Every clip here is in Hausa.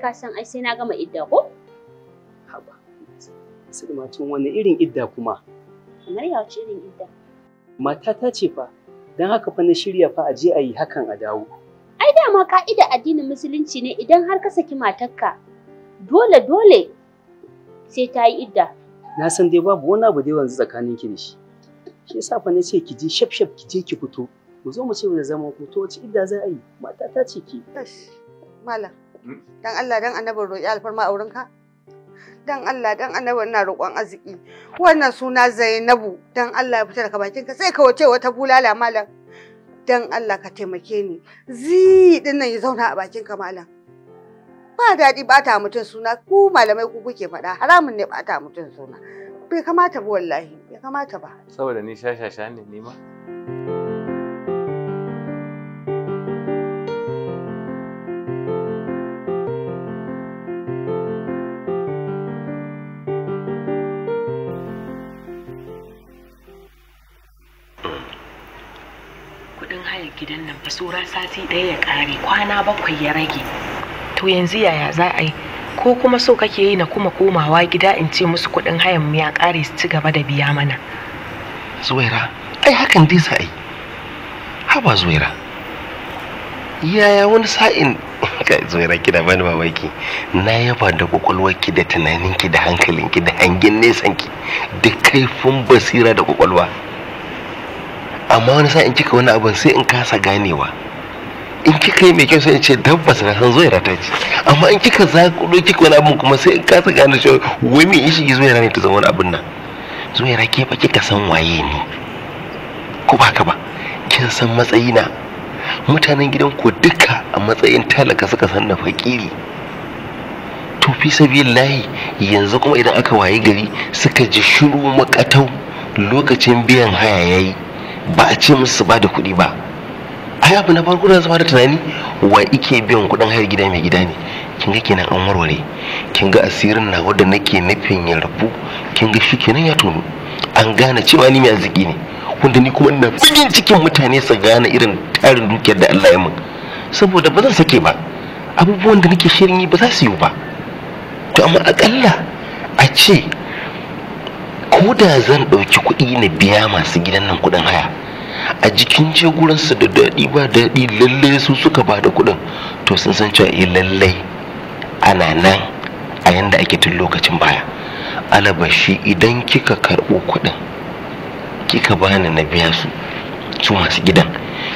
ka san ai sai na gama idda ko? Haba. Sulmatun wani irin idda kuma? Kamar ya wace irin idda? Matata ce fa, don haka fa na shirya fa a je a yi hakan a dawo. Ai dama ka'ida addinin musulunci ne idan har ka saki matarka dole dole sai ta yi idda. Na san dai babu wani abu da yanzu tsakanin ki da shi. Shi yasa fa na ce ki je shaf shaf ki je ki fito. Mu zo mu ce da zaman ku to wace idda za a yi? Matata ce ki. Malam, Dan Allah dan annabin roƙi alfarma a wurinka. Dan Allah dan annabin na roƙon arziki. Wannan suna Zainabu dan Allah ya fita daga bakinka sai ka wace wata bulala malam. Dan Allah ka taimake ni. Zi din nan ya zauna a bakinka malam. Ba daɗi ɓata mutum suna ku malamai ku kuke faɗa haramun ne ɓata mutum suna. Bai kamata ba wallahi, bai kamata ba. Saboda ni shashasha ne ni ma. gidan nan fa sura sati ɗaya ya ƙare kwana bakwai ya rage to yanzu yaya za a yi ko kuma so kake yi na kuma komawa gida in ce musu kuɗin hayan mu ya ƙare su ci gaba da biya mana zuwaira ai hakan dai za a yi haba zuwaira yaya wani sa'in zuwaira kina bani mamaki na yaba da kwakwalwarki da tunaninki da hankalinki da hangen nesanki da kaifin basira da kwakwalwa amma wani sa in kika wani abin sai in kasa ganewa in kika yi mai kyau sai in ce tabbas na san zoyara ta ce amma in kika zakudo kika wani abin kuma sai in kasa gane shi wai me in shige zoyara ne ta zama wani abin nan zoyara ke fa kika san waye ne, ko ba ka ba kin san matsayina mutanen gidan ku duka a matsayin talaka suka san na fakiri to fi sabilillahi yanzu kuma idan aka waye gari suka ji shiru makatau lokacin biyan haya yayi ba a ce musu ba da kuɗi ba ai abu na farko da zama da tunani wa ike biyan kuɗin hayar gida mai gida ne kin ga kenan an warware kin ga asirin na wanda nake nufin ya rabu kin ga shi kenan ya tono an gane cewa ni mai arziki ne wanda ni kuma ina fagen cikin mutane su gane irin tarin dukiyar da Allah ya min saboda ba zan sake ba abubuwan da nake shirin yi ba za su yi ba to amma akalla a ce ko da zan ɗauki kuɗi na biya masu gidan nan kuɗin haya a jikin jagoransu da daɗi ba daɗi lallai su suka ba da kuɗin to sun san cewa eh lallai ana nan a yanda ake tun lokacin baya alabashi idan kika karɓo kuɗin kika bani na biya su su masu gidan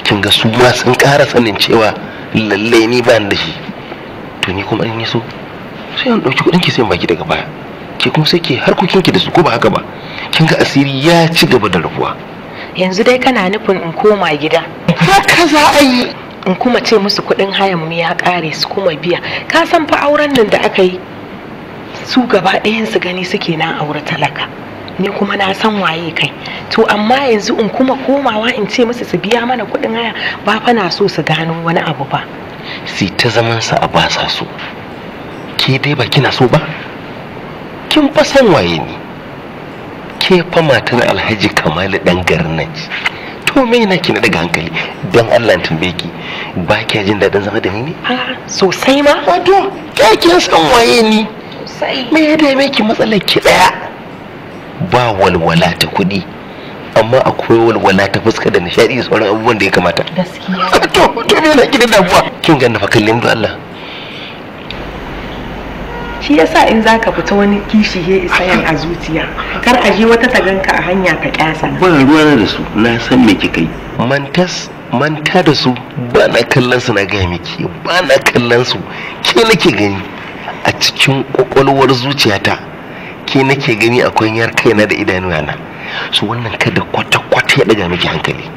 kin ga su ma sun ƙara sanin cewa lallai ni ba da shi to ni kuma in yi so sai an ɗauki kuɗin ki sai baki daga baya ke kuma sai ke harkokinki da su ko ba haka ba kin ga asiri ya ci gaba da rabuwa yanzu dai kana nufin in koma gida haka za a yi in kuma ce musu kuɗin hayan mu ya ƙare su kuma biya ka san fa auren nan da aka yi su gaba ɗayan su gani suke na aure talaka ni kuma na san waye kai to amma yanzu in kuma komawa in ce musu su biya mana kuɗin haya ba fa na so su gano wani abu ba si ta zaman sa a ba sa so ke dai ba kina so ba kin fasan waye ne ke fa matan alhaji kamalu dan garin ce to me na kina daga hankali don allah tambaye ki ba kya jin daɗin zama da ni sosai ma wato ke kin san waye ni me ya dame ki matsalar ki daya ba walwala ta kuɗi amma akwai walwala ta fuska da nishaɗi da sauran abubuwan da ya kamata gaskiya to to me na kina damuwa kin ganna fa kallin Allah shi yasa in za ka fita wani kishi he isa yan a zuciya kar a je wata ta a hanya ka kyasa ba ruwa na da su na san me kika yi mantas manta da su ba na kallon su na ga miki ba na kallon su ke nake gani a cikin kwakwalwar zuciyata ke nake gani akwai yar kaina da idanuwa na su wannan kada kwata-kwata ya daga miki hankali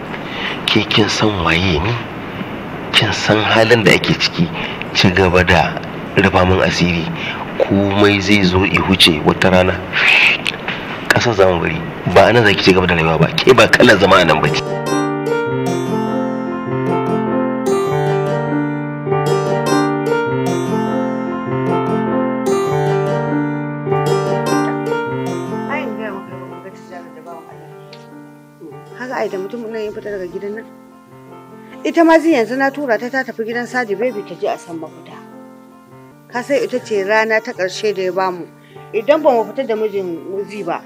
ke kin san waye ni, kin san halin da ake ciki ci gaba da rufa asiri komai zai zo i huce wata rana ƙasar zama bari ba anan zaki ce gaba da rayuwa ba ke ba kallon zama a nan ba ce ita ma yanzu na tura ta ta tafi gidan Sadi Baby ta je a san mafuta ka sai ita ce rana ta ƙarshe da ya bamu idan ba mu fita da mijin zi ba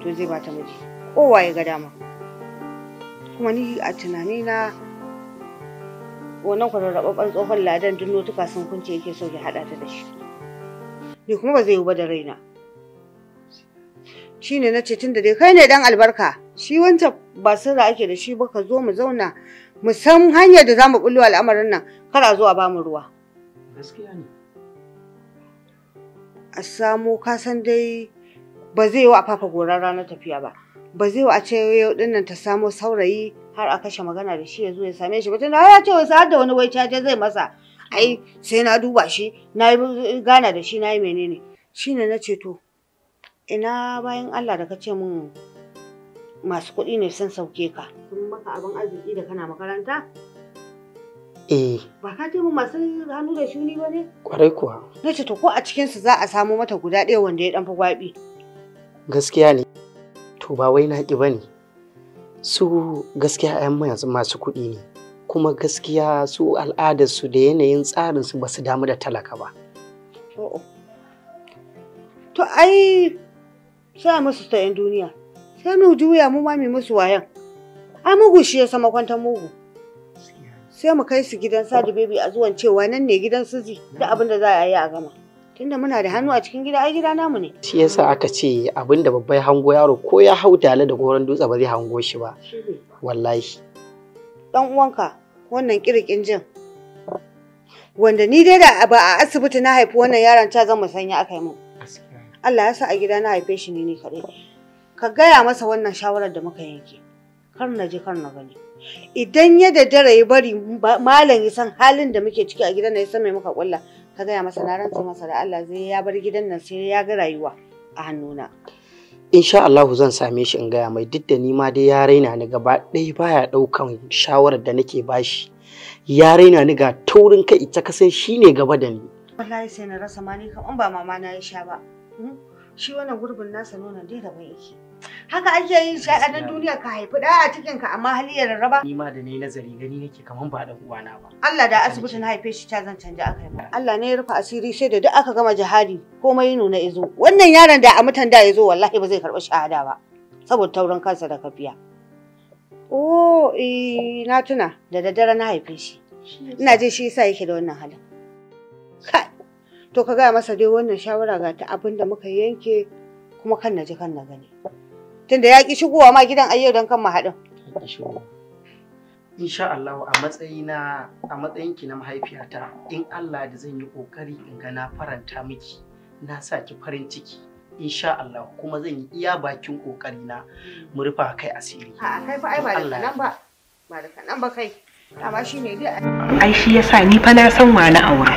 to zai bata miji kowa ya ga dama kuma ni a tunani na wannan babban tsohon ladan duk notuka sun kunce yake so ya haɗa ta da shi ni kuma ba zai yi ba da raina shi ne na ce tun da dai kai ne dan albarka shi wancan ba sirra ake da shi ba ka zo mu zauna mu san hanyar da za mu bullo al'amarin nan kar a zo a ba mu ruwa gaskiya ne a samo kasan dai ba zai yi a fafa goran ranar tafiya ba ba zai a ce yau dinnan ta samo saurayi har a kashe magana da shi ya zo ya same shi ba tunda ya ce wasu har da wani wai caje zai masa ai sai na duba shi na yi gana da shi na yi menene shi ne na ce to ina bayan Allah da ka ce min masu kuɗi ne sun sauke ka sun maka abin arziki da kana makaranta Eh. Ba ka mu masu hannu da shuni ba ne? Kwarai kuwa. Na ce to ko a cikinsu za a samo mata guda ɗaya wanda ya ɗan fi gwaɓi. Gaskiya ne. To ba wai naƙi ba ne. Su gaskiya 'yan yanzu masu kuɗi ne. Kuma gaskiya su al'adarsu da yanayin tsarin ba su damu da talaka ba. To ai sai musu ta 'yan duniya. Sai mu juya mu ma musu wayan. Ai mugu shi ya sama kwantar mugu. sai mu kai su gidan sadu baby a zuwan cewa nan ne gidan Suzi da abin da za a yi a gama tunda muna da hannu a cikin gida ai gida namu ne shi yasa aka ce abin da babbai hango yaro ko ya hau da goron dutse ba zai hango shi ba wallahi dan uwanka wannan kirkin jin wanda ni dai da ba a asibiti na haifi wannan yaron ta zama sanya aka yi min Allah ya sa a gida na haife shi ne ni kaɗai ka gaya masa wannan shawarar da muka yanke kar na je kar na gani idan ya da dare ya bari malam ya san halin da muke ciki a gidan nan ya san mai muka kulla ka gaya masa na rantsa masa da Allah zai ya bar gidan nan sai ya ga rayuwa a hannuna insha Allah zan same shi in gaya mai duk da ni ma dai ya raina ni gaba ɗaya baya ɗaukan shawarar da nake bashi ya raina ni ga taurin kai ita kasan shine gaba da ni wallahi sai na rasa ma ni kam ba mama na ya sha ba hmm? shi wannan gurbin nasa nuna dai daban yake Haka ake yin shi a nan duniya ka haifi ɗa a cikin ka amma hali ya rarraba. Ni ma da ni nazari gani nake kaman ba da uwana ba. Allah da asibitin haife shi ta zan canja aka yi Allah ne ya rufe asiri sai da duk aka gama jihadi komai ya nuna izo. Wannan yaron da a mutan da ya zo wallahi ba zai karɓi shahada ba saboda taurin kansa da kafiya. Oh, eh na tuna da daddare na haife shi. Ina jin shi yasa yake da wannan halin. Kai, to ka gaya masa dai wannan shawara ga ta abin da muka yanke kuma kan na ji kan na gani. Tunda ya ki shigowa ma gidan ayyau don kan mu haɗin. Insha Allah a matsayina a matsayinki na mahaifiyata in Allah da zan yi kokari in ga na faranta miki na sa ki farin ciki insha Allah kuma zan yi iya bakin kokari na mu rufa kai asiri. A kai fa ai ba da nan ba ba nan ba kai. Dama shi ne dai Ai shi yasa ni fa na san wani aure.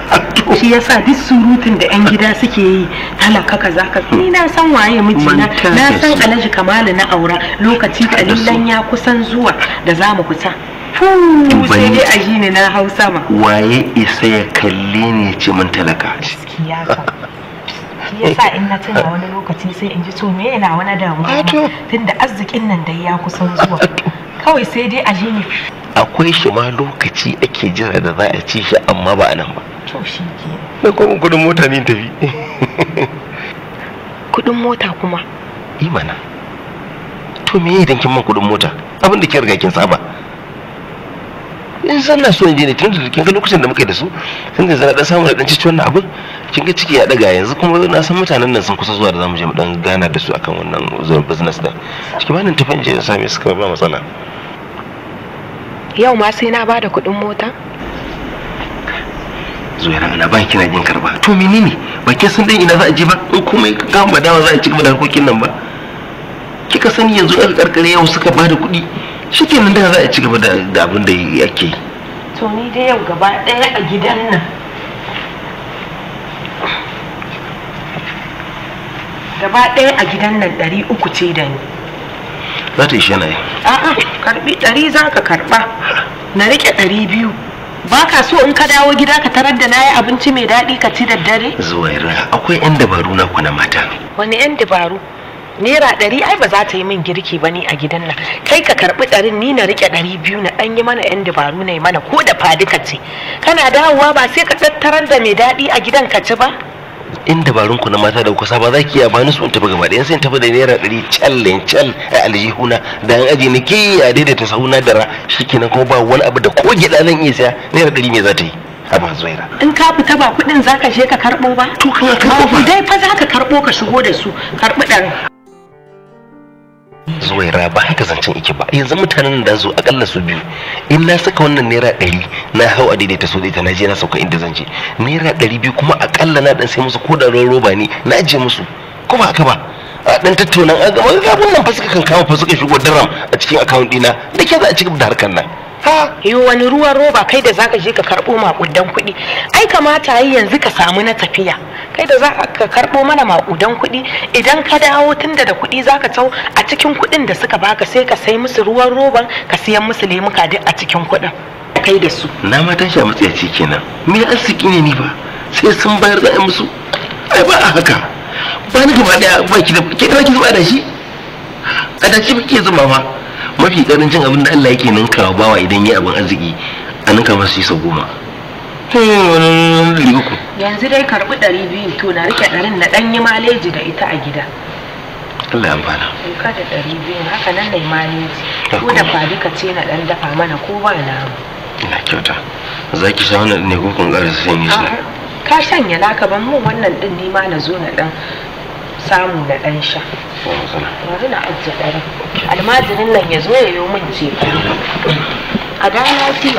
Shi yasa duk surutun da 'yan gida suke yi talaka kaza ka ni na san waye mijina na san Alhaji Kamalu na aura lokaci kalilan ya kusan zuwa da za mu kusa. sai dai a ne na hau sama. Waye isa ya kalli ne ce mun talaka. Gaskiya ka. shi yasa in na tuna wani lokaci sai in ji to me yana wani damuwa tunda arzikin nan dai ya kusan zuwa kawai sai dai a ji ne akwai shi ma lokaci ake jira da za a ci shi amma ba a nan ba na kuma kudin mota ne tafi kudin mota kuma imana to me idan kin man kudin mota abin da ke riga kin saba in san na so ne tun da kin ga lokacin da muka yi da su sun da zana dan samu da dan cici wannan abin kin ga ciki ya daga yanzu kuma na san mutanen nan sun kusa zuwa da zamu je mu dan gana da su akan wannan business din shi ba nan tafin je sa me suka ba matsala yau ma sai na ba da kuɗin mota zuwa ana ba kina jin karba to menene ba ke san dan ina za a je ba in kuma ka ga ba dawa za a ci gaba da harkokin nan ba kika sani yanzu aka karkare yau suka ba da kuɗi nan da za a ci gaba da abin da yake to ni dai yau gaba daya a gidan nan gaba ɗaya a gidan nan ɗari uku ce da ni za ta ishe na yi a'a karbi ɗari za ka karɓa na riƙe ɗari biyu ba ka so in ka dawo gida ka tarar da na yi abinci mai daɗi ka ci da dare zuwaira akwai 'yan dabaru na kuna mata wani 'yan dabaru naira ɗari ai ba za ta yi min girki ba ni a gidan nan kai ka karɓi ɗarin ni na riƙe ɗari biyu na ɗan yi mana yan dabaru na yi mana ko da faduka ce kana dawowa ba sai ka tattarar da mai daɗi a gidan ka ci ba in dabarun ku na mata da kusa ba za ki iya bani su tafi gaba ɗayan sai tafi da naira ɗari callin cal a aljihuna da an aje ni ke a daidaita sahuna dara shikenan kuma ba wani abu da ko gida zan iya saya naira ɗari me za ta yi abin zuwaira in ka fita ba kuɗin zaka je ka karɓo ba to ka karɓo ba dai fa zaka karɓo ka shigo da su karɓi ɗan. ra ba haka zancen ike ba yanzu mutanen da zo akalla su biyu in na saka wannan naira ɗari na hau a daidaita su daidaita na je na sauka inda zance naira ɗari biyu kuma akalla na dan sai musu ko da ruwan roba ne na ajiye musu ko ba haka ba a ɗan tattauna a gaban nan fa suka kan kama fa suka shigo daram a cikin akawun ɗina da ke za a ci da harkar nan ha yi wani ruwan roba kai da zaka je ka karɓo maƙudan kuɗi ai kamata yi yanzu ka samu na tafiya kai da za ka karɓo mana maƙudan kuɗi idan ka dawo tunda da kuɗi zaka tau a cikin kuɗin da suka baka sai ka sai musu ruwan roban ka siyan musu lemuka duk a cikin kuɗin kai da su na matan sha ce kenan me arziki ne ni ba sai sun bayar da musu ai ba a haka ba ni gaba daya ba ki da ke da ki zuba da shi a da shi ke zuma ma mafi karancin abin da Allah yake ninka bawa idan ya abin arziki a ninka yi sau goma hmm, yanzu dai karɓi ɗari biyu to na rike ɗarin na ɗanyi maleji da ita a gida Allah ya amfana ka da ɗari biyu haka nan na maleji ko da ba duka ce na ɗan dafa mana ko ba na ina kyauta za ki sha wannan ne ko kun ƙara sanyi shi ka sanya naka ban mun wannan ɗin ni ma na zo na ɗan samu na ɗan sha yanzu na ajiye dare almajirin nan ya zo ya yi min jefa a da fi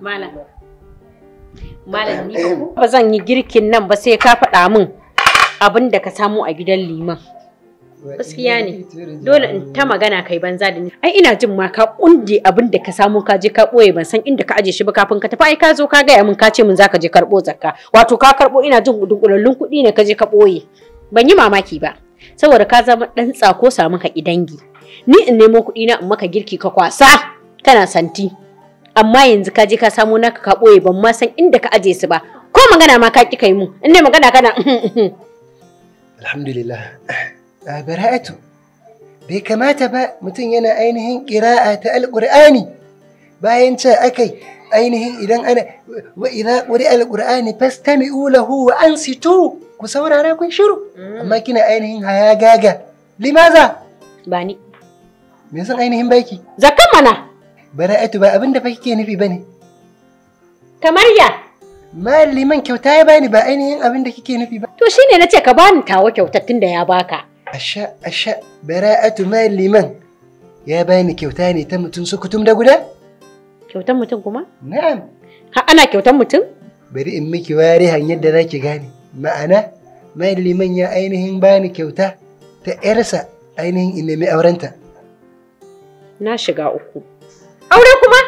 Malam, Malam, eh. ba zan yi girkin nan ba sai ka faɗa min. abin da ka samu a gidan liman. Gaskiya ne, dole in ta magana kai banza da ni. Ai ina jin ma ka kunde abin da ka samu ka je ka ɓoye ban san inda ka aje shi ba kafin ka tafi ai ka zo ka gaya min ka ce min zaka je karɓo zakka. Wato ka karbo ina jin dunkulallun kuɗi ne ka je ka boye Ban yi mamaki ba. Saboda ka zama ɗan tsako samu ka dangi. Ni in nemo kuɗi na in maka girki ka kwasa kana santi. Amma yanzu ka je ka samu naka ka boye ban ma san inda ka aje su ba. ko magana ma ka kika yi mu in ne magana kana uhm, uhm, uhm. Alhamdulillah. A ah, bai kamata ba mutum yana ainihin ƙira'a ta alƙur'ani bayan ce akai ainihin idan ana wa idza quri'a alqur'ani fastami'u lahu wa ansitu ku saurara kun shiru mm. amma kina ainihin haya gaga limaza ba ni me san ainihin baki zakkan bara'atu ba abinda fa kike nufi bane kamar ya Bayan liman kyauta ya bani ba ainihin abin da kike nufi ba. To shine na ce ka bani tawa kyautar tun da ya baka. Asha asha bara'atu mayan liman ya bani kyauta ne ta mutum kutum da guda? Kyautan mutum kuma? Na'am. Ha ana kyautan mutum? Bari in miki ware hanyar da zaki gane. Ma'ana mayan liman ya ainihin bani kyauta ta 'yarsa ainihin in nemi aurenta. Na shiga uku. Aure kuma?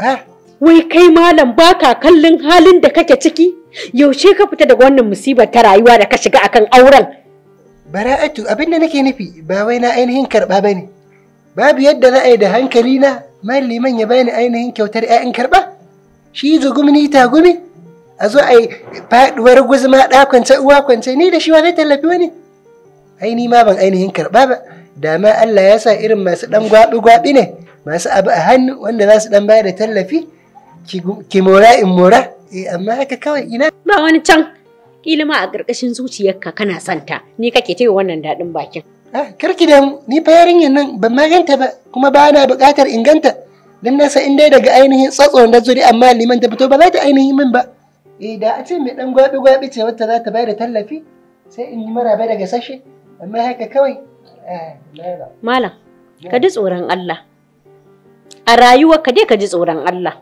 Ah, wai kai malam baka kallon halin da kake ciki yaushe ka fita daga wannan musibar ta rayuwa da ka shiga akan auren bara'atu abin da nake nufi ba wai na ainihin karba bane babu yadda za a yi da hankali na malliman ya bani ainihin kyautar 'ya'yan karba shi zugumni ta gumi a zo a yi faduwar guzma ɗa kwance uwa kwance ni da shi wa zai tallafi wani aini ma ban ainihin karba ba Dama Allah ya sa irin masu ɗan gwabi gwabi ne masu abu a hannu wanda za su dan bayar da tallafi ki mora in mora eh, amma haka kawai ina ba wani can ilima a ƙarƙashin zuciyarka kana santa ni kake ta wannan daɗin bakin ah karki da ni fa yarinyar nan ban ma ganta ba kuma ba na buƙatar inganta dan nasa, in dai daga ainihin tsatson da zuri amma liman ta fito ba za ta ainihin min ba eh da a ce mai dan gwabi gwabi ce wata za ta bayar da tallafi sai in yi maraba daga sashe amma haka kawai eh, malam ka ji tsoron Allah a rayuwarka dai ka ji tsoron Allah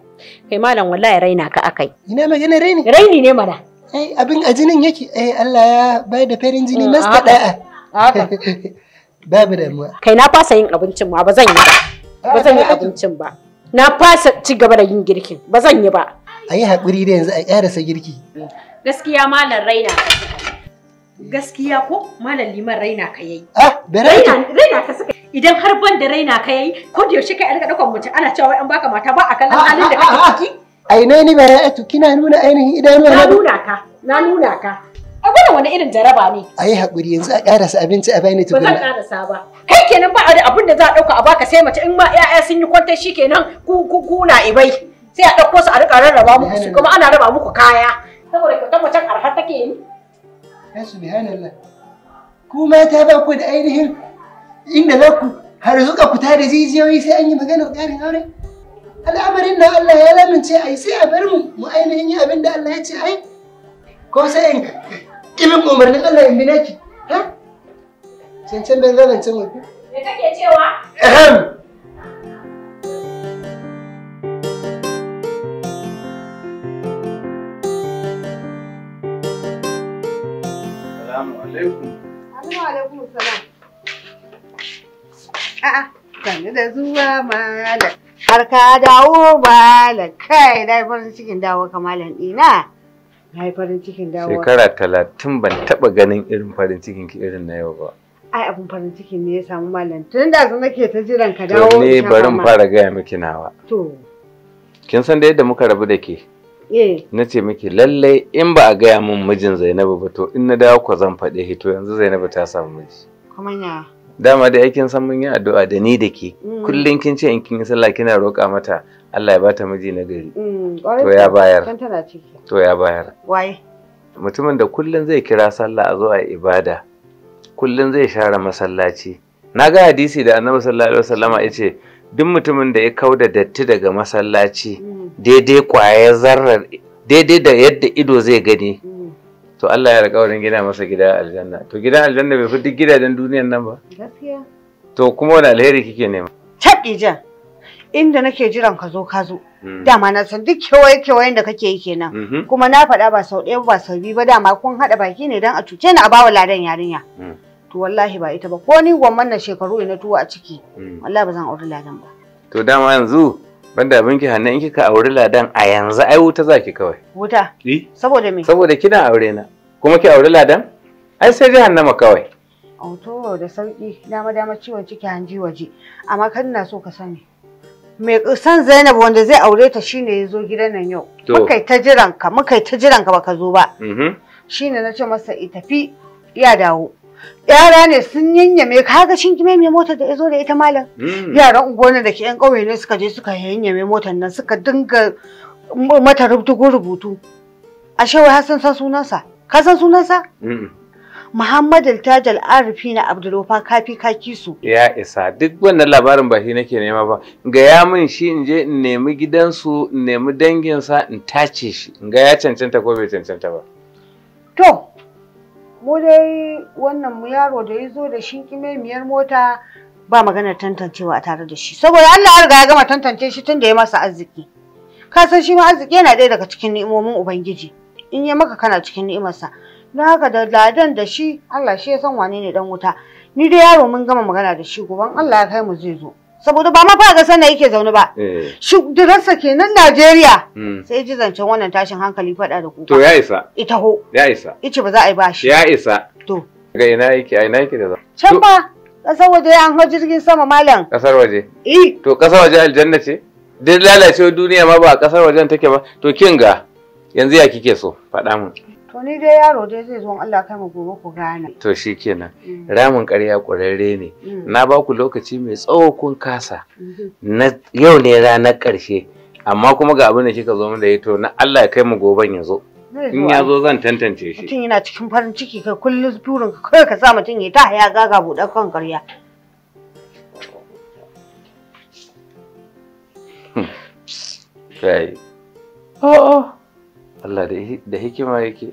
kai malam wallahi raina ka akai ina magana raini raini ne mana ai abin a jinin yake ai Allah ya bai da farin jini masta mm, da'a babu damuwa kai na fasa yin abincin ma ba zan yi ba ba zan yi abincin ba na fasa ci gaba da yin girkin ba zan yi ba ayi hakuri da yanzu a karasa girki mm. gaskiya malam raina ka Gaskiya ko malam liman raina ka yayi. Ah, bai raina. Raina ka suka idan har ban da raina ka yayi ko da yaushe kai a riga dakon ana cewa an baka mata ba a kallon ah, halin da ah, kake ah, ciki. Aine ni bara'atu kina nuna ainihin idan na nuna ka na nuna ka a gwada wani irin jaraba ne a yi yanzu a karasa abinci a bayani tukuna ba zan karasa ba kai kenan ba da abin da za a ɗauka a baka sai mace in ma 'ya'ya sun yi kwantar shi kenan kuna ibai sai a dauko su a riƙa rarraba muku su kuma ana raba muku kaya saboda kyautar macen arha take yi ya eh, subhanallah ku mata ba ku da ainihin inda za ku har zuka ku da jijiyoyi sai an yi maganar ƙarin aure al'amarin da Allah ya lamince ai sai a bar mu mu ainihin yi abin da Allah ya ce ai ko sai in kimin umarnin Allah in bi naki ha cancan ban zanen can wafi me kake cewa A'a, sannu da zuwa malam. farin cikin dawo malam Shekara talatin ban taɓa ganin irin farin cikin ki irin na yau ba. Ai abin farin ciki ne ya samu malam. Tun da su nake ta jiran ka dawo. To ne bari fara gaya miki nawa. To. Kin san da yadda muka rabu da ke. Eh. na ce miki lallai in ba a gaya min mijin zainabu ba to in na dawo ko zan faɗi hito yanzu zainabu ta samu miji dama da aikin san mun yi addu'a da ni da ke mm. kullum kin ce in kin yi sallah kina roƙa mata Allah ya bata miji na gari mm. to ya bayar to ya bayar waye mutumin da kullum zai kira sallah a zo a ibada kullum zai share masallaci na ga hadisi da annabi sallallahu alaihi wasallama yace ce duk mutumin da ya kauda datti daga masallaci daidai kwaye zarrar daidai da yadda ido zai gani to Allah ya alƙawarin gina masa gida aljanna to gidan aljanna bai fi duk gidajen duniyan nan ba gaskiya to kuma wani alheri kike nema taɓi jan inda nake jiran ka zo ka zo hmm. dama na san duk kewaye kewayen da kake yi kenan mhm. kuma na faɗa ba sau ɗaya ba sau biyu ba dama kun haɗa baki ne don a cuce ni a bawa ladan yarinya hmm. to wallahi ba ita ba ko ni gwamman na shekaru ina tuwo a ciki hmm. wallahi ba zan aure ladan ba to dama yanzu banda abin ki hannu in kika aure ladan a yanzu ai wuta zaki kawai wuta eh saboda me saboda kina aure na kuma ki aure ladan ai sai dai ma kawai to da sauki dama dama ciwon ciki hanji waje amma kan na so ka sani mai san Zainab wanda zai aure ta shine ya zo gidan nan yau muka ta jiran ka muka ta jiran ka baka zo ba mm-hmm. shine na ce masa i tafi ya dawo yara ne sun yanyame kaga shin kime mai motar da ya zo da ita malam mm. yaran unguwannin da ke yan ƙauye ne suka je suka yanyame motar nan suka dinga mata rubutu rubutu ashe wai san san sunansa ka san sunansa mm. Muhammad Al-Taj Al-Arifi na Abdulwafa kafi kaki su. Ya isa duk wannan labarin ba shi nake nema ba. Gaya min shi in je in nemi gidansu in nemi danginsa in tace shi. In ga ya cancanta ko bai cancanta ba. To, mu dai wannan mu yaro da ya zo da shi kimemiyar mota ba maganar tantancewa a tare da shi saboda Allah ya riga ya gama tantance shi tun da ya masa arziki ka san shi ma arziki yana ɗaya daga cikin ni'imomin ubangiji in ya maka kana cikin ni'imarsa don haka da ladan da shi Allah shi ya san wane ne dan wuta ni dai yaro mun gama magana da shi gobe Allah ya kai mu zai zo saboda ba ma fara ga sana yake zaune ba eh. shi darasa kenan Najeriya hmm. sai ji zancen wannan tashin hankali fada da kuka to ya isa ita ho ya isa ice ba za a yi bashi ya isa to ga ina yake ina yake da can ba kasar waje an hau jirgin sama malam kasar waje eh to kasar waje aljanna ce duk lalacewa duniya ma ba kasar wajen take ba to kin ga yanzu ya kike so faɗa mun To ni dai yaro dai zai zo Allah kai mu gobe ku gane. To shikenan. Mm. Ramin ƙarya ƙurarre ne. Mm. Na ba ku lokaci mai tsawo kun kasa. Mm-hmm. Na yau ne ranar ƙarshe. Amma kuma ga abin da kika zo mun da ya to na Allah kai mu goben ya zo. In ya zo zan tantance shi. Mutum yana cikin farin ciki kai kullum burin kai ka sa mutum ya ta haya gaga buɗe kan ƙarya. Hmm. Kai. Oh, oh, Allah da hikima yake.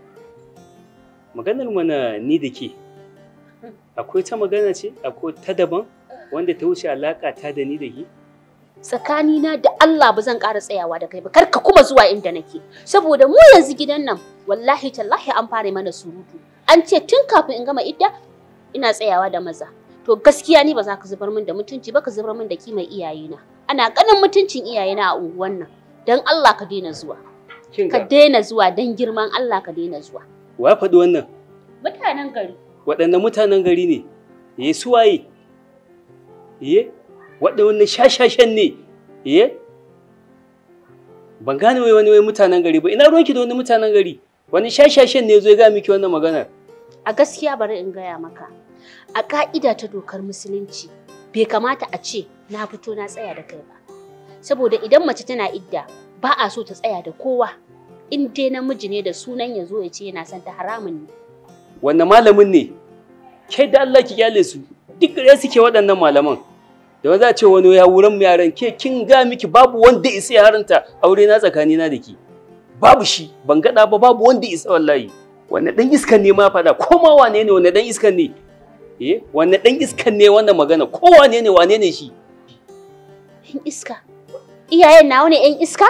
maganar mana ni da ke akwai ta magana ce akwai ta daban wanda ta wuce alaƙa ta da ni da ke tsakanina da Allah ba zan ƙara tsayawa da kai ba kar ka kuma zuwa inda nake saboda mu yanzu gidan nan wallahi tallahi an fara mana surutu an ce tun kafin in gama idda ina tsayawa da maza to gaskiya ni ba za ka zubar min da mutunci ba ka zubar min da kimar iyayena ana ganin mutuncin iyayena a unguwan nan dan Allah ka daina zuwa ka daina zuwa dan girman Allah ka daina zuwa Wa faɗi wannan? Mutanen gari. Waɗanne mutanen gari ne? Ye eh, suwaye? Ye? Eh, waɗanne shashashen ne? Ye? Eh, ban gane wai wani wai mutanen gari ba. Ina ruwanki da wani mutanen gari? Wani shashashen ne zo ya ga miki wannan maganar? A gaskiya bari in gaya maka. A ka'ida ta dokar musulunci bai kamata a ce na fito na tsaya da kai ba. Saboda idan mace tana idda ba a so ta tsaya da kowa. in dai namiji ne da sunan ya zo ya ce yana son ta haramun ne wanda malamin ne ke da Allah ki kyale su duk gare suke waɗannan malaman da wanda a ce wani ya wurin mu yaran ke kin ga miki babu wanda isa ya haranta aure na tsakani na da ke. babu shi ban gaɗa ba babu wanda isa wallahi wanne dan iskan ne ma fada ko ma wane ne wanne dan iskan ne eh wanne dan iskan ne wanda magana ko wane ne wane ne shi iska iyayen na ne yan iska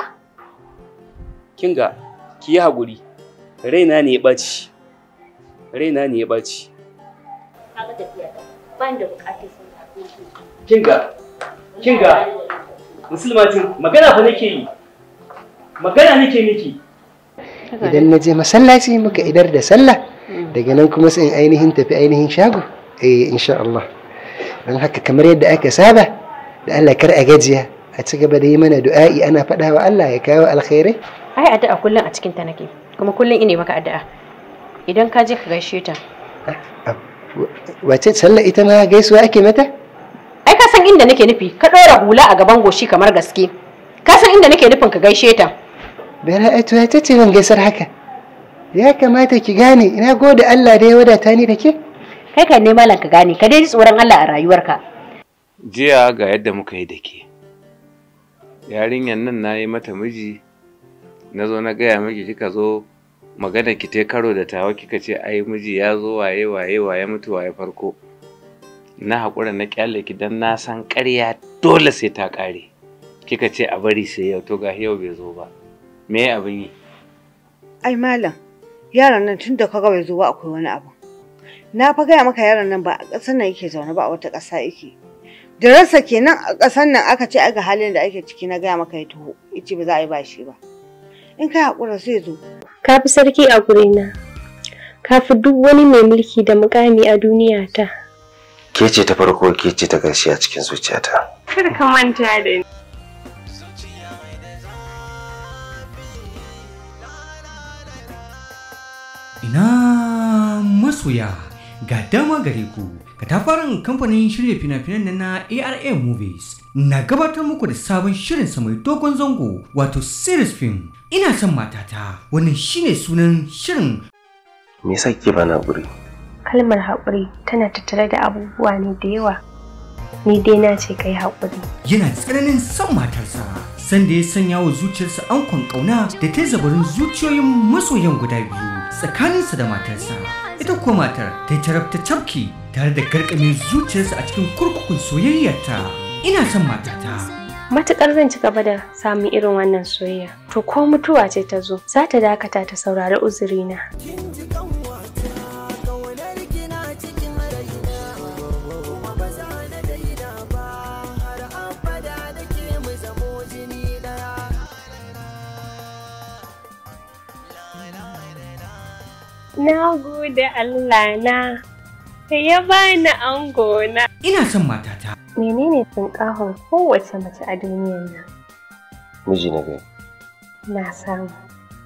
kinga ki yi haƙuri raina ne ya ɓaci raina ne ya ɓaci kinga kinga musulmatin magana fa nake yi magana nake miki idan na je masallaci muka idar da sallah daga nan kuma sai ainihin tafi ainihin shago eh insha Allah dan haka kamar yadda aka saba da Allah kar a gajiya a ci gaba da yi mana du'a'i ana faɗawa Allah ya kawo alkhairai ai addu'a kullum a cikin ta nake kuma kullum ine maka addu'a idan ka je ka gaishe ta wace sallah ita ma gaisuwa ake mata ai ka san inda nake nufi ka ɗora hula a gaban goshi kamar gaske ka san inda nake nufin ka gaishe ta bara'atu ya tace ban gaisar haka ya kamata ki gane ina gode Allah da ya wadata ni da ke kai ka ne malam ka gane ka dai tsoron Allah a rayuwarka jiya ga yadda muka yi da ke yarinyar nan na yi mata miji na zo na gaya miki kika zo magana ki te karo da tawa kika ce ai miji ya zo waye waye waye mutu waye farko na haƙura na kyale ki dan na san ƙarya dole sai ta ƙare kika ce a bari sai yau to ga yau bai zo ba me abin yi ai malam yaron nan tun da kaga bai zo ba akwai wani abu na fa gaya maka yaron nan ba a ƙasar nan yake zaune ba a wata ƙasa yake da rasa kenan a ƙasar nan aka ce aga halin da ake ciki na gaya maka ya taho ice ba za a yi ba shi ba in ka haƙura sai zo. Ka fi sarki a gurina, ka fi duk wani mai mulki da mukami a duniya ta. Ke ce ta farko ke ce ta ƙarshe a cikin zuciyata. Kar ka manta da ni. Ina masoya. ga dama gare ku katafaren kamfanin shirya fina-finan na ARA Movies na gabatar muku da sabon shirin sa mai dogon zango wato series film ina son matata wannan shine sunan shirin me yasa ke bana guri kalmar haƙuri tana tattare da abubuwa ne da yawa ni dai na ce kai haƙuri yana tsananin son matarsa sanda ya sanya wa zuciyarsa ankon ƙauna da ta zabarin zuciyoyin masoyan guda biyu tsakaninsa da matarsa ita ko matar ta yi taraf ta cafki tare da karkame zuciyarsa a cikin kurkukun soyayyarta ina son matata matukar zan ci gaba da samun irin wannan soyayya to ko mutuwa ce ta zo za ta dakata ta saurari uzurina. Na gode Allah na, ka ya bani ango na. Ina son matata. Menene tunƙahon kowace mace a duniyar nan? Miji na gai. Na samu.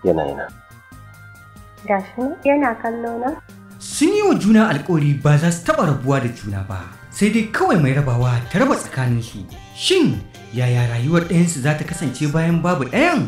Yana yana. Gashi yana kallo na? Sun yi wa juna alkawari ba za su taɓa rabuwa da juna ba, sai dai kawai mai rabawa ta raba tsakaninsu. Shin yaya rayuwar ɗayansu za ta kasance bayan babu ɗayan?